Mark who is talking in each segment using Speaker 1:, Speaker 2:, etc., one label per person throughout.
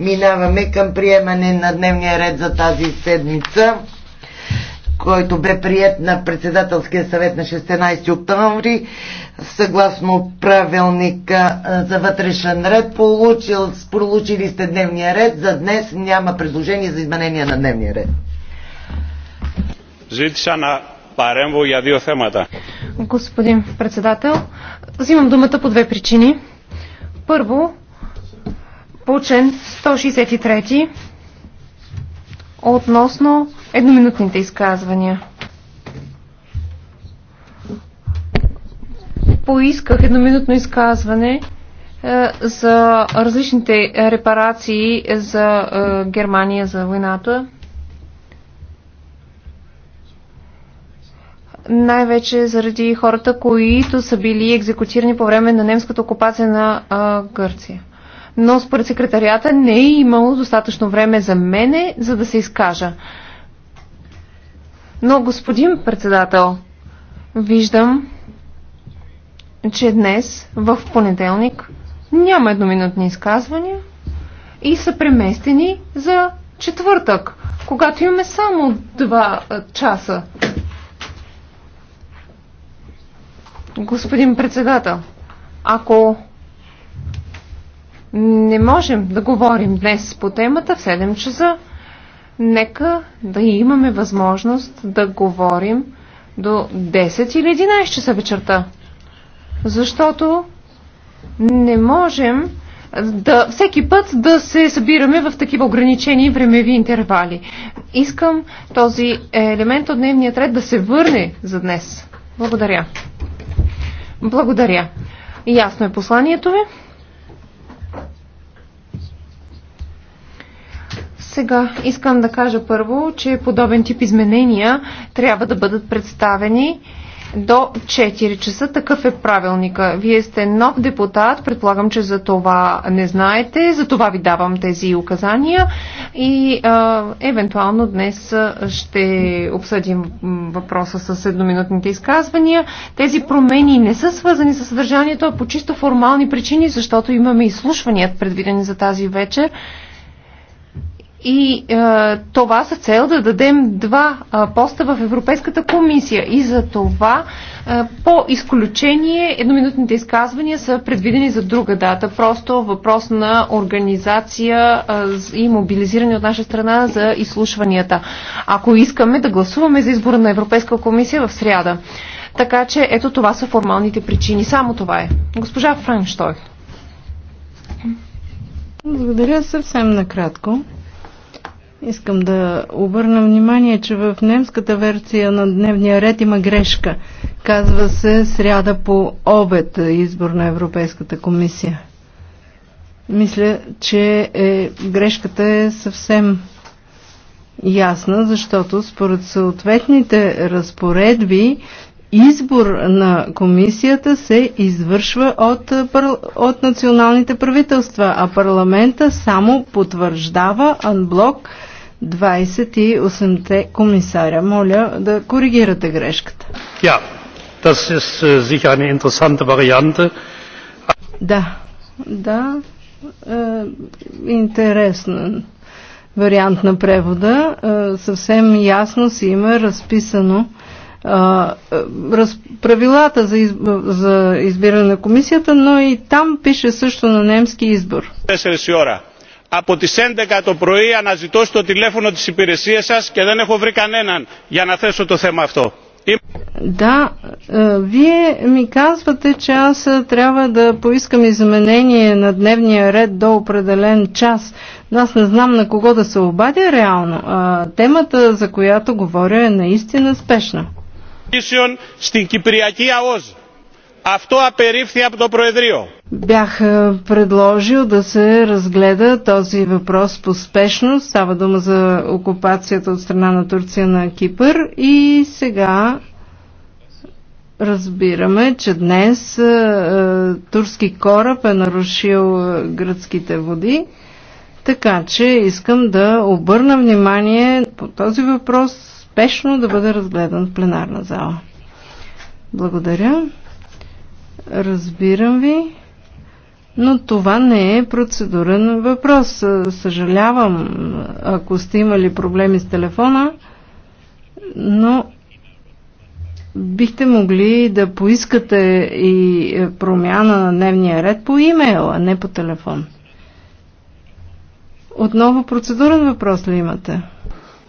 Speaker 1: Минаваме към приемане на дневния ред за тази седмица, който бе прият на председателския съвет на 16 октомври, съгласно правилника за вътрешен ред. Получил, получили сте дневния ред. За днес няма предложение за изменение на дневния ред.
Speaker 2: Ζήτησα να παρέμβω για
Speaker 1: Господин председател,
Speaker 3: взимам думата по две причини. Първо, Получен 163 относно едноминутните изказвания. Поисках едноминутно изказване е, за различните репарации за е, Германия, за войната. Най-вече заради хората, които са били екзекутирани по време на немската окупация на е, Гърция но според секретарията не е имало достатъчно време за мене, за да се изкажа. Но, господин председател, виждам, че днес, в понеделник, няма едноминутни изказвания и са преместени за четвъртък, когато имаме само два часа. Господин председател, ако не можем да говорим днес по темата в 7 часа. Нека да имаме възможност да говорим до 10 или 11 часа вечерта. Защото не можем да, всеки път да се събираме в такива ограничени времеви интервали. Искам този елемент от дневния ред да се върне за днес. Благодаря. Благодаря. Ясно е посланието ви. Сега искам да кажа първо, че подобен тип изменения трябва да бъдат представени до 4 часа. Такъв е правилника. Вие сте нов депутат, предполагам, че за това не знаете, за това ви давам тези указания и а, евентуално днес ще обсъдим въпроса с едноминутните изказвания. Тези промени не са свързани с съдържанието, а по чисто формални причини, защото имаме изслушвания предвидени за тази вечер. И е, това са цел да дадем два е, поста в Европейската комисия. И за това е, по изключение едноминутните изказвания са предвидени за друга дата. Просто въпрос на организация е, и мобилизиране от наша страна за изслушванията. Ако искаме да гласуваме за избора на Европейска комисия в сряда. Така че ето това са формалните причини. Само това е. Госпожа Франк, е?
Speaker 2: Благодаря съвсем накратко. Искам да обърна внимание, че в немската версия на дневния ред има грешка. Казва се сряда по обед избор на Европейската комисия. Мисля, че е, грешката е съвсем ясна, защото според съответните разпоредби избор на комисията се извършва от, от националните правителства, а парламента само потвърждава анблок 28-те комисаря. Моля да коригирате грешката.
Speaker 3: Ja, das ist äh, sicher eine interessante Variante.
Speaker 2: Да, да, е, интересен вариант на превода. Е, съвсем ясно си има разписано е, раз, правилата за, за избиране на комисията, но и там пише също на немски избор. 10 από τις 11 το πρωί αναζητώ στο τηλέφωνο της υπηρεσίας σας και δεν έχω βρει κανέναν για να θέσω το θέμα αυτό. Да, е, вие ми казвате, че аз е, трябва да поискам изменение на дневния ред до определен час. Но аз не знам на кого да се обадя реално. А, темата, за която говоря, е наистина спешна. Στην Κυπριακή ΑΟΣ Αυτό απερίφθη από το Προεδρείο. Бях е, предложил да се разгледа този въпрос по спешност. Става дума за окупацията от страна на Турция на Кипър и сега разбираме, че днес е, е, турски кораб е нарушил гръцките води. Така че искам да обърна внимание по този въпрос спешно да бъде разгледан в пленарна зала. Благодаря. Разбирам ви, но това не е процедурен въпрос. Съжалявам, ако сте имали проблеми с телефона, но бихте могли да поискате и промяна на дневния ред по имейл, а не по телефон. Отново процедурен въпрос ли имате?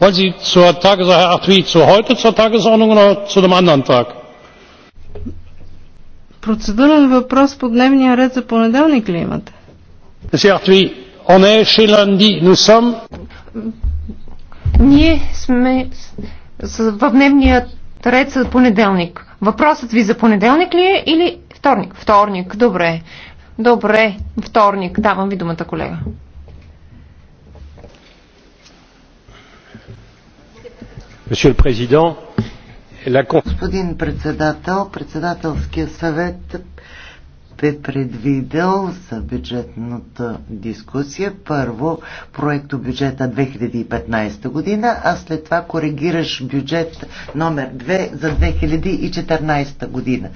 Speaker 3: Wollen Sie zur Tagesordnung, oder zu anderen Tag?
Speaker 2: Процедурен въпрос по дневния ред за понеделник ли имате?
Speaker 3: Ние сме в дневния ред за понеделник. Въпросът ви за понеделник ли е или вторник? Вторник, добре. Добре, вторник. Давам ви думата, колега.
Speaker 1: Monsieur le Président, е, Господин председател, председателския съвет бе предвидел за бюджетната дискусия първо проекто бюджета 2015 година, а след това коригираш бюджет номер 2 за 2014 година.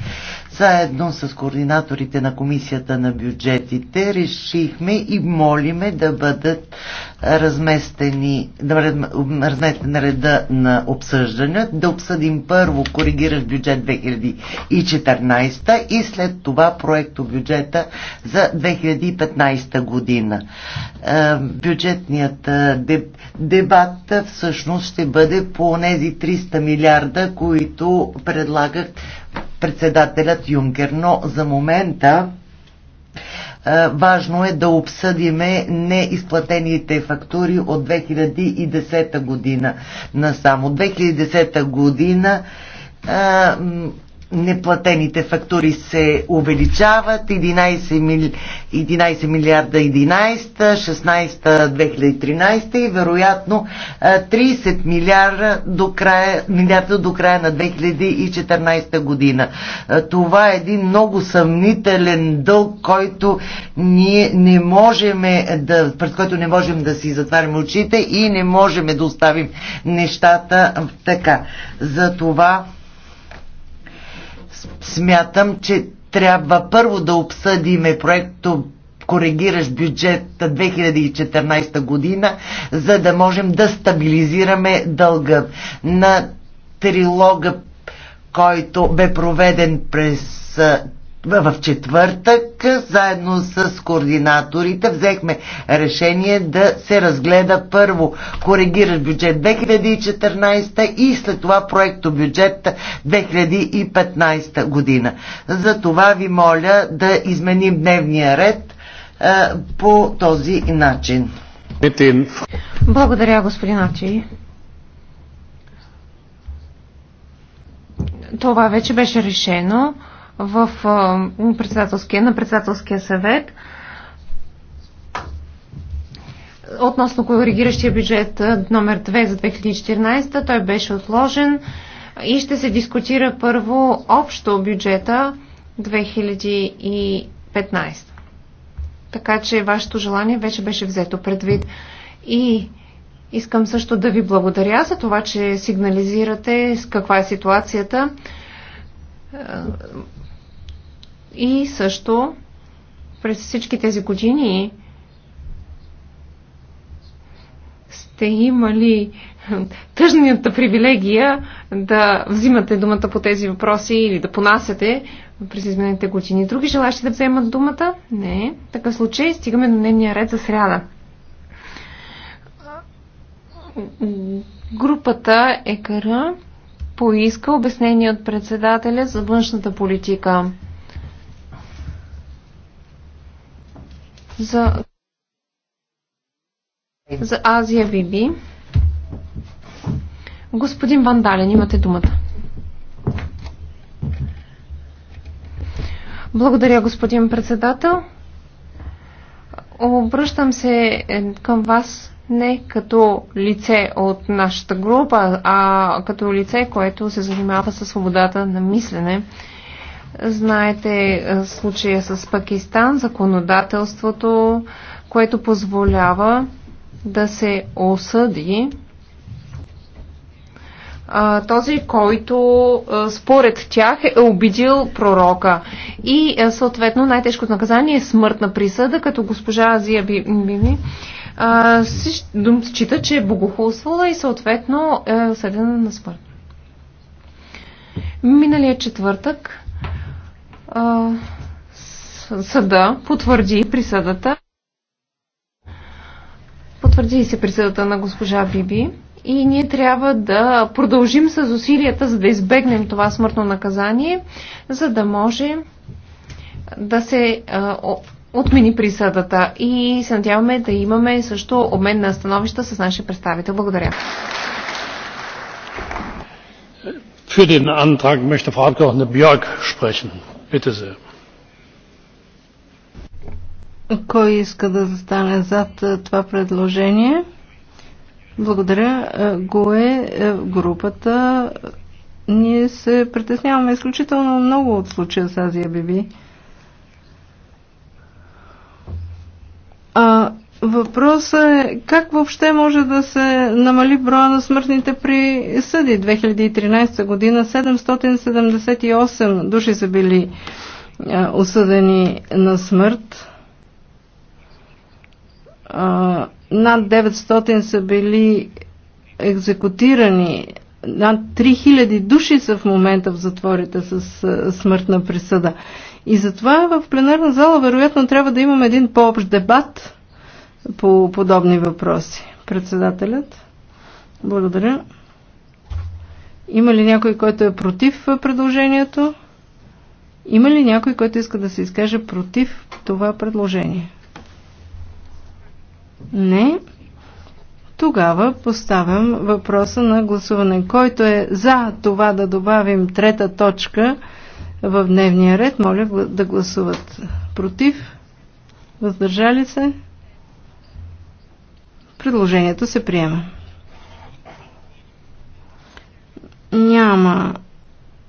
Speaker 1: Заедно с координаторите на Комисията на бюджетите решихме и молиме да бъдат разместени, да разместен реда на обсъждане, да обсъдим първо коригираш бюджет 2014 и след това проект проекто бюджета за 2015 година. Е, бюджетният е, дебат всъщност ще бъде по тези 300 милиарда, които предлагат председателят Юнкер. Но за момента е, важно е да обсъдиме неизплатените фактури от 2010 година на само 2010 година неплатените фактури се увеличават. 11, мили... 11 милиарда 11, 16 2013 и вероятно 30 милиарда до края, милиарда до края на 2014 година. Това е един много съмнителен дълг, който ние не можем да, пред който не можем да си затваряме очите и не можем да оставим нещата така. За това смятам, че трябва първо да обсъдиме проекто коригираш бюджет 2014 година, за да можем да стабилизираме дълга. На трилога, който бе проведен през в четвъртък, заедно с координаторите, взехме решение да се разгледа първо коригиращ бюджет 2014 и след това проекто бюджет 2015 година. За това ви моля да изменим дневния ред а, по този начин.
Speaker 3: Благодаря, господин Ачи. Това вече беше решено в председателския, на председателския съвет относно коригиращия бюджет номер 2 за 2014. Той беше отложен и ще се дискутира първо общо бюджета 2015. Така че вашето желание вече беше взето предвид. И искам също да ви благодаря за това, че сигнализирате с каква е ситуацията и също през всички тези години сте имали тъжната привилегия да взимате думата по тези въпроси или да понасяте през изминалите години. Други желащи да вземат думата? Не. В такъв случай стигаме до дневния ред за сряда. Групата ЕКР поиска обяснение от председателя за външната политика. за, за Азия Биби. Господин Вандален, имате думата. Благодаря, господин председател. Обръщам се е, към вас не като лице от нашата група, а като лице, което се занимава със свободата на мислене Знаете е, случая с Пакистан, законодателството, което позволява да се осъди а, този, който а, е, според тях е обидил пророка. И а, е, съответно най-тежкото наказание е смъртна присъда, като госпожа Азия Бими счита, че е богохулствала и съответно е съдена на смърт. Миналия четвъртък съда потвърди присъдата. Потвърди се присъдата на госпожа Биби и ние трябва да продължим с усилията, за да избегнем това смъртно наказание, за да може да се а, отмени присъдата. И се надяваме да имаме също обмен на становища с нашия представител. Благодаря. Für den Antrag möchte Frau Abgeordnete Björk sprechen. Bitte sehr.
Speaker 2: Кой иска да застане зад това предложение? Благодаря. Гое, групата. Ние се притесняваме изключително много от случая с Азия Биби. Въпросът е как въобще може да се намали броя на смъртните присъди. 2013 година 778 души са били осъдени на смърт. Над 900 са били екзекутирани. Над 3000 души са в момента в затворите с смъртна присъда. И затова в пленарна зала вероятно трябва да имаме един по-общ дебат по подобни въпроси. Председателят. Благодаря. Има ли някой, който е против предложението? Има ли някой, който иска да се изкаже против това предложение? Не. Тогава поставям въпроса на гласуване. Който е за това да добавим трета точка в дневния ред, моля да гласуват против. Въздържали се? Предложението се приема. Няма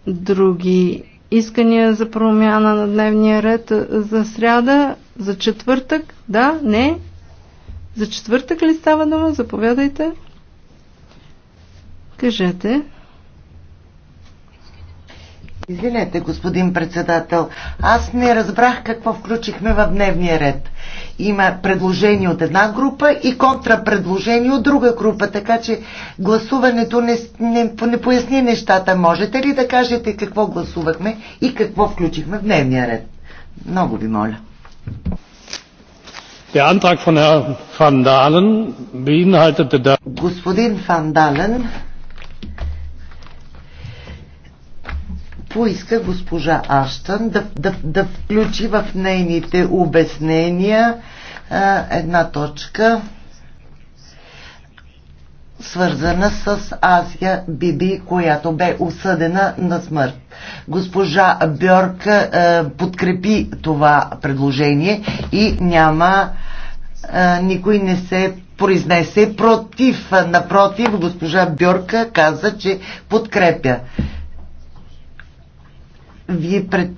Speaker 2: други искания за промяна на дневния ред за сряда, за четвъртък, да, не. За четвъртък ли става дума? Заповядайте. Кажете.
Speaker 1: Извинете, господин председател, аз не разбрах какво включихме в дневния ред. Има предложение от една група и контрапредложение от друга група, така че гласуването не, не, не поясни нещата. Можете ли да кажете какво гласувахме и какво включихме в дневния ред? Много ви моля. Der Antrag von Herrn Van Dalen beinhaltete da... Господин Van Dalen поиска госпожа Аштън да, да, да включи в нейните обяснения а, една точка свързана с Азия Биби, която бе осъдена на смърт. Госпожа Бьорк а, подкрепи това предложение и няма а, никой не се произнесе против. Напротив, госпожа Бьорка каза, че подкрепя. Вие, пред,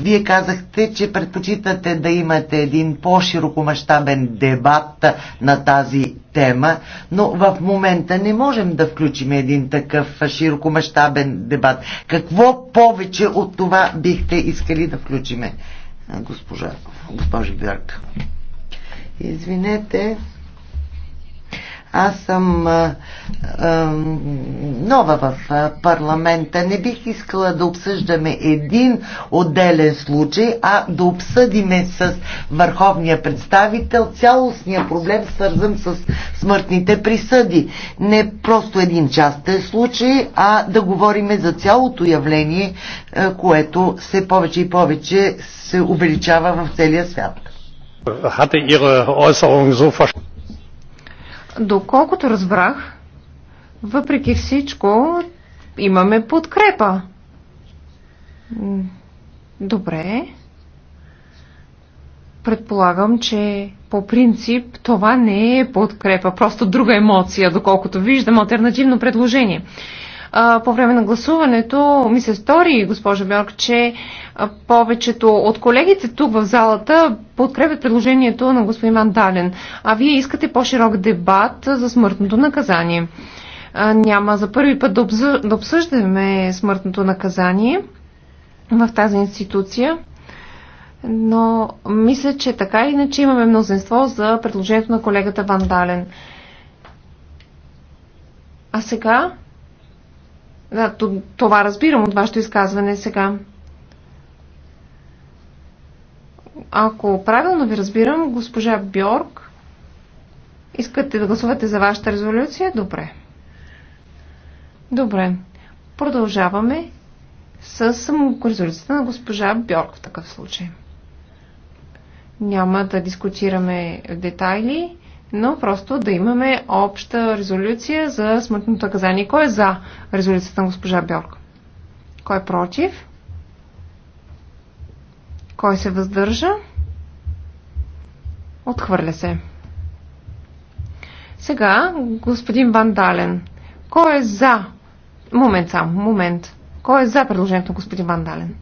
Speaker 1: вие казахте, че предпочитате да имате един по-широкомащабен дебат на тази тема, но в момента не можем да включим един такъв широкомащабен дебат. Какво повече от това бихте искали да включиме, госпожа, госпожа Бирка? Извинете. Аз съм а, а, нова в парламента. Не бих искала да обсъждаме един отделен случай, а да обсъдиме с върховния представител цялостния проблем, свързан с смъртните присъди. Не просто един частен случай, а да говориме за цялото явление, което се повече и повече се увеличава в целия свят.
Speaker 3: Hatte Ihre Äußerung so verstanden? Доколкото разбрах, въпреки всичко, имаме подкрепа. Добре. Предполагам, че по принцип това не е подкрепа, просто друга емоция, доколкото виждам альтернативно предложение а, по време на гласуването ми се стори, госпожа Бьорк, че а, повечето от колегите тук в залата подкрепят предложението на господин Мандален, а вие искате по-широк дебат за смъртното наказание. А, няма за първи път да обсъждаме смъртното наказание в тази институция но мисля, че така иначе имаме мнозинство за предложението на колегата Ван Дален. А сега това разбирам от вашето изказване сега. Ако правилно ви разбирам, госпожа Бьорк, искате да гласувате за вашата резолюция? Добре. Добре. Продължаваме с резолюцията на госпожа Бьорк в такъв случай. Няма да дискутираме детайли но просто да имаме обща резолюция за смъртното наказание. Кой е за резолюцията на госпожа Бьорк? Кой е против? Кой се въздържа? Отхвърля се. Сега, господин Ван Дален, кой е за... Момент само, момент. Кой е за предложението на господин Ван Дален?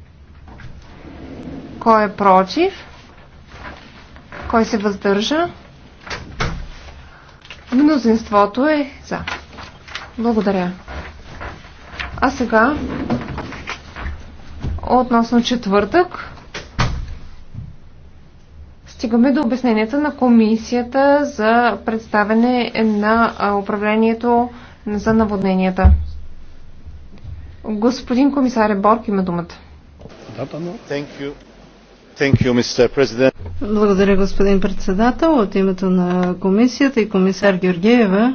Speaker 3: Кой е против? Кой се въздържа? Мнозинството е за. Благодаря. А сега, относно четвъртък, стигаме до обясненията на комисията за представене на управлението за наводненията. Господин комисар Борг има думата.
Speaker 1: Thank
Speaker 3: you.
Speaker 2: Thank you, благодаря, господин председател. От името на комисията и комисар Георгиева